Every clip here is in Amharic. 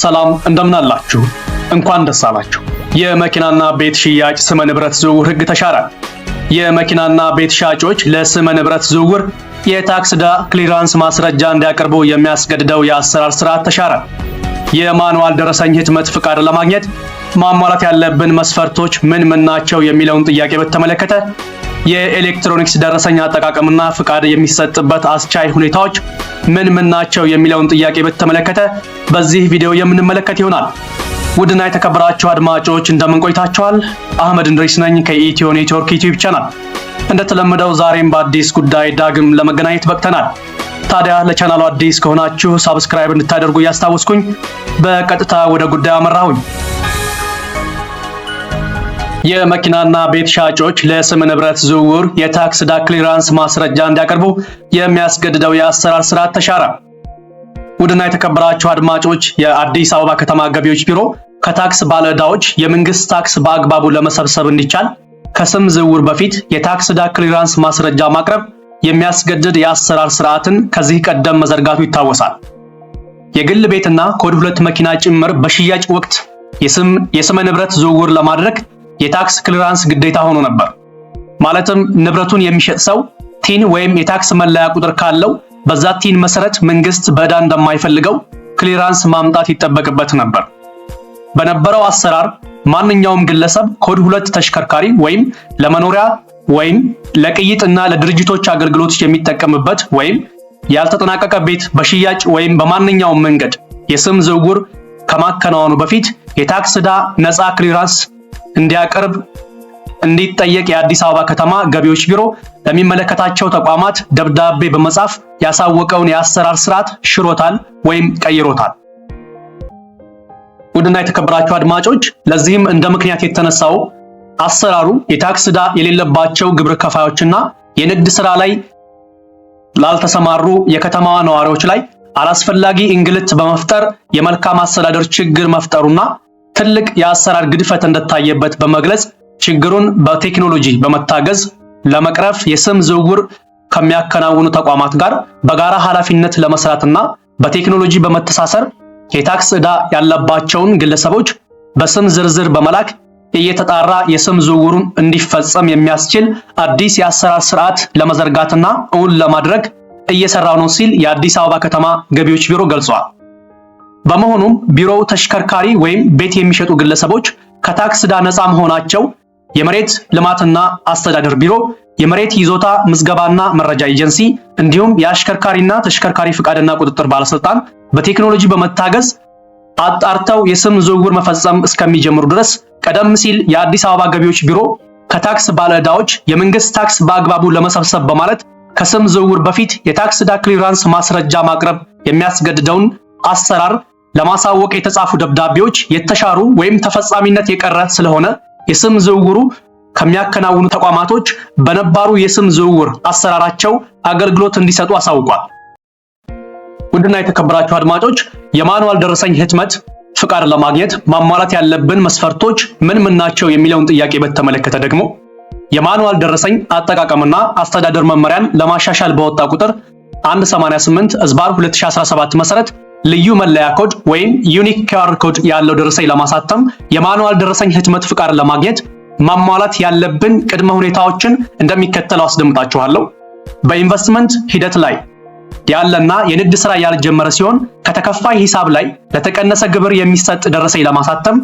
ሰላም እንደምናላችሁ እንኳን ደስ አላችሁ። የመኪናና ቤት ሽያጭ ስመ ንብረት ዝውውር ህግ ተሻረ። የመኪናና ቤት ሻጮች ለስመ ንብረት ዝውውር የታክስ ዕዳ ክሊራንስ ማስረጃ እንዲያቀርቡ የሚያስገድደው የአሰራር ስርዓት ተሻረ። የማኑዋል ደረሰኝ ህትመት ፍቃድ ለማግኘት ማሟላት ያለብን መስፈርቶች ምን ምን ናቸው የሚለውን ጥያቄ በተመለከተ የኤሌክትሮኒክስ ደረሰኝ አጠቃቀምና ፍቃድ የሚሰጥበት አስቻይ ሁኔታዎች ምን ምን ናቸው የሚለውን ጥያቄ በተመለከተ በዚህ ቪዲዮ የምንመለከት ይሆናል። ውድና የተከበራችሁ አድማጮች እንደምን ቆይታችኋል? አህመድ እንድሪስ ነኝ ከኢትዮ ኔትወርክ ዩቲዩብ ቻናል። እንደተለመደው ዛሬም በአዲስ ጉዳይ ዳግም ለመገናኘት በቅተናል። ታዲያ ለቻናሉ አዲስ ከሆናችሁ ሳብስክራይብ እንድታደርጉ እያስታወስኩኝ በቀጥታ ወደ ጉዳዩ አመራሁኝ። የመኪናና ቤት ሻጮች ለስም ንብረት ዝውውር የታክስ ዕዳ ክሊራንስ ማስረጃ እንዲያቀርቡ የሚያስገድደው የአሰራር ስርዓት ተሻረ። ውድና የተከበራችሁ አድማጮች፣ የአዲስ አበባ ከተማ ገቢዎች ቢሮ ከታክስ ባለዕዳዎች የመንግስት ታክስ በአግባቡ ለመሰብሰብ እንዲቻል ከስም ዝውውር በፊት የታክስ ዕዳ ክሊራንስ ማስረጃ ማቅረብ የሚያስገድድ የአሰራር ስርዓትን ከዚህ ቀደም መዘርጋቱ ይታወሳል። የግል ቤትና ኮድ ሁለት መኪና ጭምር በሽያጭ ወቅት የስም የስመ ንብረት ዝውውር ለማድረግ የታክስ ክሊራንስ ግዴታ ሆኖ ነበር። ማለትም ንብረቱን የሚሸጥ ሰው ቲን ወይም የታክስ መለያ ቁጥር ካለው በዛ ቲን መሰረት መንግስት በዕዳ እንደማይፈልገው ክሊራንስ ማምጣት ይጠበቅበት ነበር። በነበረው አሰራር ማንኛውም ግለሰብ ኮድ ሁለት ተሽከርካሪ ወይም ለመኖሪያ ወይም ለቅይጥ እና ለድርጅቶች አገልግሎት የሚጠቀምበት ወይም ያልተጠናቀቀ ቤት በሽያጭ ወይም በማንኛውም መንገድ የስም ዝውውር ከማከናወኑ በፊት የታክስ ዕዳ ነፃ ክሊራንስ እንዲያቀርብ እንዲጠየቅ የአዲስ አበባ ከተማ ገቢዎች ቢሮ ለሚመለከታቸው ተቋማት ደብዳቤ በመጻፍ ያሳወቀውን የአሰራር ስርዓት ሽሮታል ወይም ቀይሮታል። ውድና የተከበራቸው አድማጮች፣ ለዚህም እንደ ምክንያት የተነሳው አሰራሩ የታክስ ዕዳ የሌለባቸው ግብር ከፋዮችና የንግድ ስራ ላይ ላልተሰማሩ የከተማዋ ነዋሪዎች ላይ አላስፈላጊ እንግልት በመፍጠር የመልካም አስተዳደር ችግር መፍጠሩና ትልቅ የአሰራር ግድፈት እንደታየበት በመግለጽ ችግሩን በቴክኖሎጂ በመታገዝ ለመቅረፍ የስም ዝውውር ከሚያከናውኑ ተቋማት ጋር በጋራ ኃላፊነት ለመስራትና በቴክኖሎጂ በመተሳሰር የታክስ ዕዳ ያለባቸውን ግለሰቦች በስም ዝርዝር በመላክ እየተጣራ የስም ዝውውሩን እንዲፈጸም የሚያስችል አዲስ የአሰራር ስርዓት ለመዘርጋትና እውን ለማድረግ እየሰራው ነው ሲል የአዲስ አበባ ከተማ ገቢዎች ቢሮ ገልጿል። በመሆኑም ቢሮው ተሽከርካሪ ወይም ቤት የሚሸጡ ግለሰቦች ከታክስ ዕዳ ነፃ መሆናቸው የመሬት ልማትና አስተዳደር ቢሮ፣ የመሬት ይዞታ ምዝገባና መረጃ ኤጀንሲ እንዲሁም የአሽከርካሪና ተሽከርካሪ ፍቃድና ቁጥጥር ባለስልጣን በቴክኖሎጂ በመታገዝ አጣርተው የስም ዝውውር መፈጸም እስከሚጀምሩ ድረስ ቀደም ሲል የአዲስ አበባ ገቢዎች ቢሮ ከታክስ ባለዕዳዎች የመንግስት ታክስ በአግባቡ ለመሰብሰብ በማለት ከስም ዝውውር በፊት የታክስ ዕዳ ክሊራንስ ማስረጃ ማቅረብ የሚያስገድደውን አሰራር ለማሳወቅ የተጻፉ ደብዳቤዎች የተሻሩ ወይም ተፈጻሚነት የቀረ ስለሆነ የስም ዝውውሩ ከሚያከናውኑ ተቋማቶች በነባሩ የስም ዝውውር አሰራራቸው አገልግሎት እንዲሰጡ አሳውቋል። ውድና የተከበራችሁ አድማጮች የማኑዋል ደረሰኝ ህትመት ፍቃድ ለማግኘት ማሟላት ያለብን መስፈርቶች ምን ምን ናቸው የሚለውን ጥያቄ በተመለከተ ደግሞ የማኑዋል ደረሰኝ አጠቃቀምና አስተዳደር መመሪያን ለማሻሻል በወጣ ቁጥር 188 2017 መሰረት ልዩ መለያ ኮድ ወይም ዩኒክ ኪውአር ኮድ ያለው ደረሰኝ ለማሳተም የማኑዋል ደረሰኝ ህትመት ፍቃድ ለማግኘት ማሟላት ያለብን ቅድመ ሁኔታዎችን እንደሚከተለው አስደምጣችኋለሁ። በኢንቨስትመንት ሂደት ላይ ያለና የንግድ ስራ ያልጀመረ ሲሆን ከተከፋይ ሂሳብ ላይ ለተቀነሰ ግብር የሚሰጥ ደረሰኝ ለማሳተም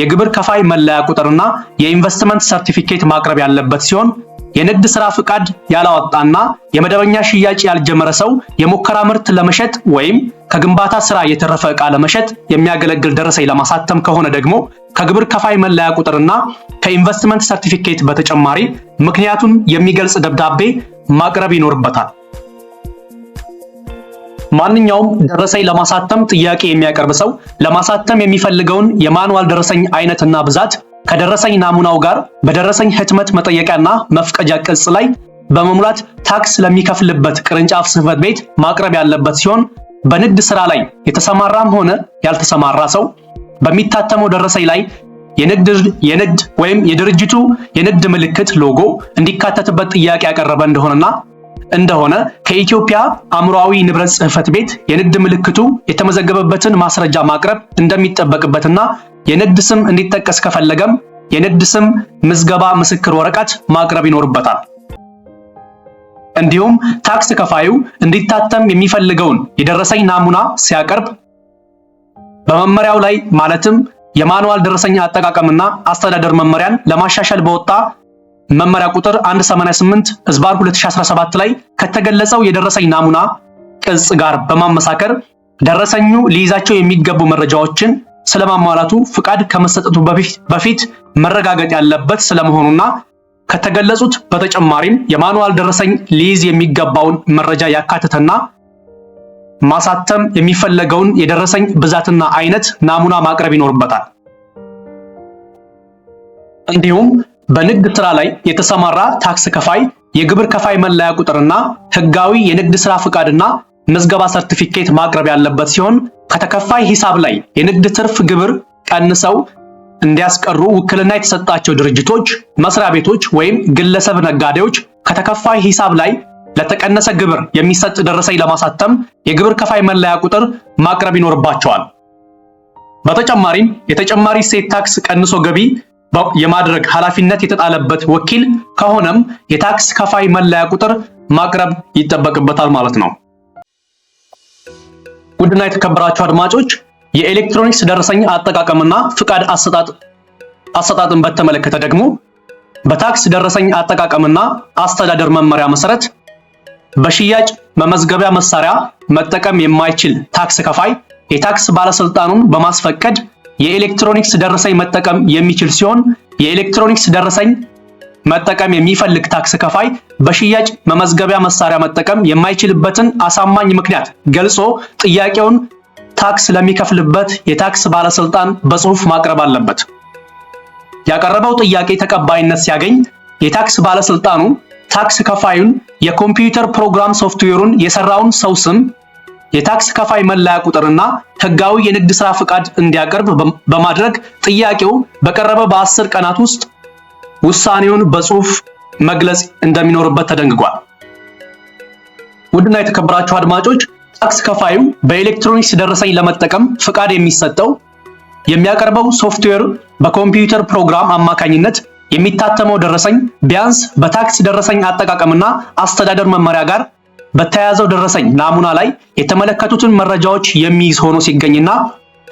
የግብር ከፋይ መለያ ቁጥርና የኢንቨስትመንት ሰርቲፊኬት ማቅረብ ያለበት ሲሆን የንግድ ስራ ፍቃድ ያላወጣና የመደበኛ ሽያጭ ያልጀመረ ሰው የሙከራ ምርት ለመሸጥ ወይም ከግንባታ ስራ የተረፈ ዕቃ ለመሸጥ የሚያገለግል ደረሰኝ ለማሳተም ከሆነ ደግሞ ከግብር ከፋይ መለያ ቁጥርና ከኢንቨስትመንት ሰርቲፊኬት በተጨማሪ ምክንያቱን የሚገልጽ ደብዳቤ ማቅረብ ይኖርበታል። ማንኛውም ደረሰኝ ለማሳተም ጥያቄ የሚያቀርብ ሰው ለማሳተም የሚፈልገውን የማንዋል ደረሰኝ አይነትና ብዛት ከደረሰኝ ናሙናው ጋር በደረሰኝ ህትመት መጠየቂያና መፍቀጃ ቅጽ ላይ በመሙላት ታክስ ለሚከፍልበት ቅርንጫፍ ስህፈት ቤት ማቅረብ ያለበት ሲሆን በንግድ ስራ ላይ የተሰማራም ሆነ ያልተሰማራ ሰው በሚታተመው ደረሰኝ ላይ የንግድ ወይም የድርጅቱ የንግድ ምልክት ሎጎ እንዲካተትበት ጥያቄ ያቀረበ እንደሆነና እንደሆነ ከኢትዮጵያ አእምሯዊ ንብረት ጽህፈት ቤት የንግድ ምልክቱ የተመዘገበበትን ማስረጃ ማቅረብ እንደሚጠበቅበትና የንግድ ስም እንዲጠቀስ ከፈለገም የንግድ ስም ምዝገባ ምስክር ወረቀት ማቅረብ ይኖርበታል። እንዲሁም ታክስ ከፋዩ እንዲታተም የሚፈልገውን የደረሰኝ ናሙና ሲያቀርብ በመመሪያው ላይ ማለትም የማኑዋል ደረሰኝ አጠቃቀምና አስተዳደር መመሪያን ለማሻሻል በወጣ መመሪያ ቁጥር 188 ህዝባር 2017 ላይ ከተገለጸው የደረሰኝ ናሙና ቅጽ ጋር በማመሳከር ደረሰኙ ሊይዛቸው የሚገቡ መረጃዎችን ስለማሟላቱ ፍቃድ ከመሰጠቱ በፊት መረጋገጥ ያለበት ስለመሆኑና ከተገለጹት በተጨማሪም የማኑዋል ደረሰኝ ሊይዝ የሚገባውን መረጃ ያካተተና ማሳተም የሚፈለገውን የደረሰኝ ብዛትና አይነት ናሙና ማቅረብ ይኖርበታል። እንዲሁም በንግድ ስራ ላይ የተሰማራ ታክስ ከፋይ የግብር ከፋይ መለያ ቁጥርና ህጋዊ የንግድ ስራ ፍቃድና ምዝገባ ሰርቲፊኬት ማቅረብ ያለበት ሲሆን ከተከፋይ ሂሳብ ላይ የንግድ ትርፍ ግብር ቀንሰው እንዲያስቀሩ ውክልና የተሰጣቸው ድርጅቶች፣ መስሪያ ቤቶች ወይም ግለሰብ ነጋዴዎች ከተከፋይ ሂሳብ ላይ ለተቀነሰ ግብር የሚሰጥ ደረሰኝ ለማሳተም የግብር ከፋይ መለያ ቁጥር ማቅረብ ይኖርባቸዋል። በተጨማሪም የተጨማሪ እሴት ታክስ ቀንሶ ገቢ የማድረግ ኃላፊነት የተጣለበት ወኪል ከሆነም የታክስ ከፋይ መለያ ቁጥር ማቅረብ ይጠበቅበታል ማለት ነው። ውድና የተከበራችሁ አድማጮች የኤሌክትሮኒክስ ደረሰኝ አጠቃቀምና ፍቃድ አሰጣጥን በተመለከተ ደግሞ በታክስ ደረሰኝ አጠቃቀምና አስተዳደር መመሪያ መሰረት በሽያጭ መመዝገቢያ መሳሪያ መጠቀም የማይችል ታክስ ከፋይ የታክስ ባለስልጣኑን በማስፈቀድ የኤሌክትሮኒክስ ደረሰኝ መጠቀም የሚችል ሲሆን የኤሌክትሮኒክስ ደረሰኝ መጠቀም የሚፈልግ ታክስ ከፋይ በሽያጭ መመዝገቢያ መሳሪያ መጠቀም የማይችልበትን አሳማኝ ምክንያት ገልጾ ጥያቄውን ታክስ ለሚከፍልበት የታክስ ባለስልጣን በጽሁፍ ማቅረብ አለበት። ያቀረበው ጥያቄ ተቀባይነት ሲያገኝ የታክስ ባለስልጣኑ ታክስ ከፋዩን የኮምፒውተር ፕሮግራም ሶፍትዌሩን የሰራውን ሰው ስም፣ የታክስ ከፋይ መለያ ቁጥርና ህጋዊ የንግድ ስራ ፍቃድ እንዲያቀርብ በማድረግ ጥያቄው በቀረበ በአስር ቀናት ውስጥ ውሳኔውን በጽሁፍ መግለጽ እንደሚኖርበት ተደንግጓል። ውድና የተከበራችሁ አድማጮች ታክስ ከፋዩ በኤሌክትሮኒክስ ደረሰኝ ለመጠቀም ፍቃድ የሚሰጠው የሚያቀርበው ሶፍትዌር በኮምፒውተር ፕሮግራም አማካኝነት የሚታተመው ደረሰኝ ቢያንስ በታክስ ደረሰኝ አጠቃቀምና አስተዳደር መመሪያ ጋር በተያያዘው ደረሰኝ ናሙና ላይ የተመለከቱትን መረጃዎች የሚይዝ ሆኖ ሲገኝና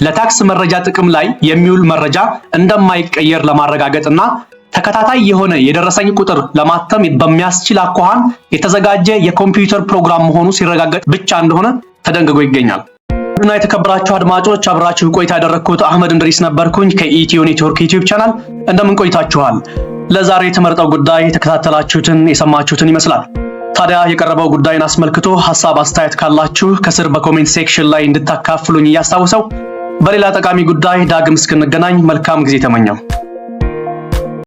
ለታክስ መረጃ ጥቅም ላይ የሚውል መረጃ እንደማይቀየር ለማረጋገጥና ተከታታይ የሆነ የደረሰኝ ቁጥር ለማተም በሚያስችል አኳኋን የተዘጋጀ የኮምፒውተር ፕሮግራም መሆኑ ሲረጋገጥ ብቻ እንደሆነ ተደንግጎ ይገኛል። እና የተከበራችሁ አድማጮች አብራችሁ ቆይታ ያደረግኩት አህመድ እንድሪስ ነበርኩኝ ከኢትዮ ኔትወርክ ዩቲዩብ ቻናል። እንደምን ቆይታችኋል? ለዛሬ የተመረጠው ጉዳይ የተከታተላችሁትን የሰማችሁትን ይመስላል። ታዲያ የቀረበው ጉዳይን አስመልክቶ ሀሳብ አስተያየት ካላችሁ ከስር በኮሜንት ሴክሽን ላይ እንድታካፍሉኝ እያስታውሰው በሌላ ጠቃሚ ጉዳይ ዳግም እስክንገናኝ መልካም ጊዜ ተመኘው።